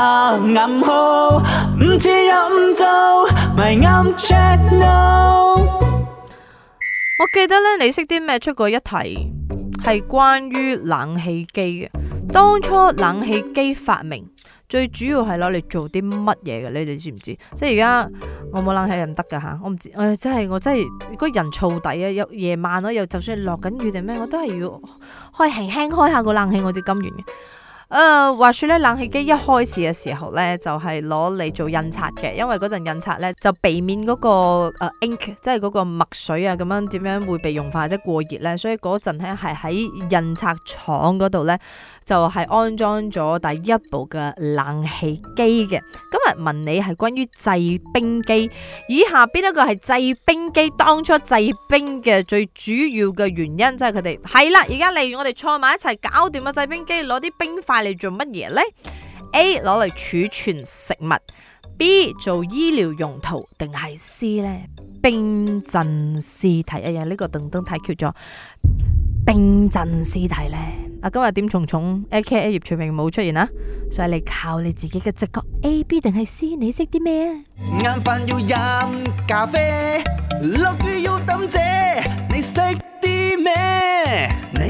我記得咧，你識啲咩出過一題係關於冷氣機嘅。當初冷氣機發明最主要係攞嚟做啲乜嘢嘅？你哋知唔知？即係而家我冇冷氣又唔得噶吓，我唔知誒，真係我真係個人燥底啊，又夜晚咯，又就算落緊雨定咩，我都係要開輕輕開下個冷氣，我至甘願嘅。誒、呃，話說咧，冷氣機一開始嘅時候咧，就係攞嚟做印刷嘅，因為嗰陣印刷咧就避免嗰、那個誒、呃、ink，即係嗰個墨水啊，咁樣點樣會被融化或者過熱咧，所以嗰陣咧係喺印刷廠嗰度咧就係、是、安裝咗第一部嘅冷氣機嘅。今日問你係關於製冰機，以下邊一個係製冰機當初製冰嘅最主要嘅原因，即係佢哋係啦。而家例如我哋坐埋一齊搞掂個製冰機，攞啲冰塊。你做乜嘢咧？A 攞嚟儲存食物，B 做醫療用途，定係 C 咧冰鎮屍體哎呀！呢個鄧東太缺咗冰鎮屍體咧。啊，今日點蟲蟲 A K A 葉翠明冇出現啊，所以你靠你自己嘅直覺 A B 定係 C，你識啲咩啊？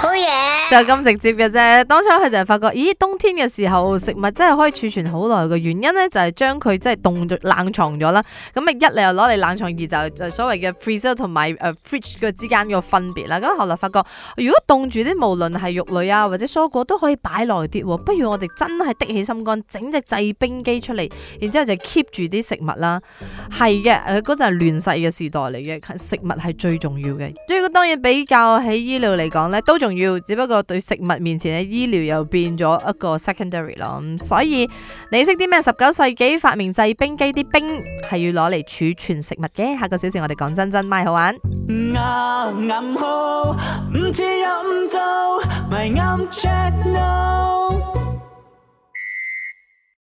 好嘢，就咁直接嘅啫。當初佢就係發覺，咦，冬天嘅時候食物真係可以儲存好耐嘅原因呢，就係將佢真係凍咗、冷藏咗啦。咁咪一嚟又攞嚟冷藏；二就就所謂嘅 freezer 同埋誒 fridge 嘅之間個分別啦。咁後來發覺，如果凍住啲無論係肉類啊或者蔬果都可以擺耐啲。不如我哋真係的起心肝，整隻製冰機出嚟，然之後就 keep 住啲食物啦。係嘅，嗰陣係亂世嘅時代嚟嘅，食物係最重要嘅。所以當然比較喺醫療嚟講呢。都。重要，只不過對食物面前嘅醫療又變咗一個 secondary 咯。所以你識啲咩？十九世紀發明製冰機的冰，啲冰係要攞嚟儲存食物嘅。下個小時我哋講真真，咪好玩。嗯嗯嗯好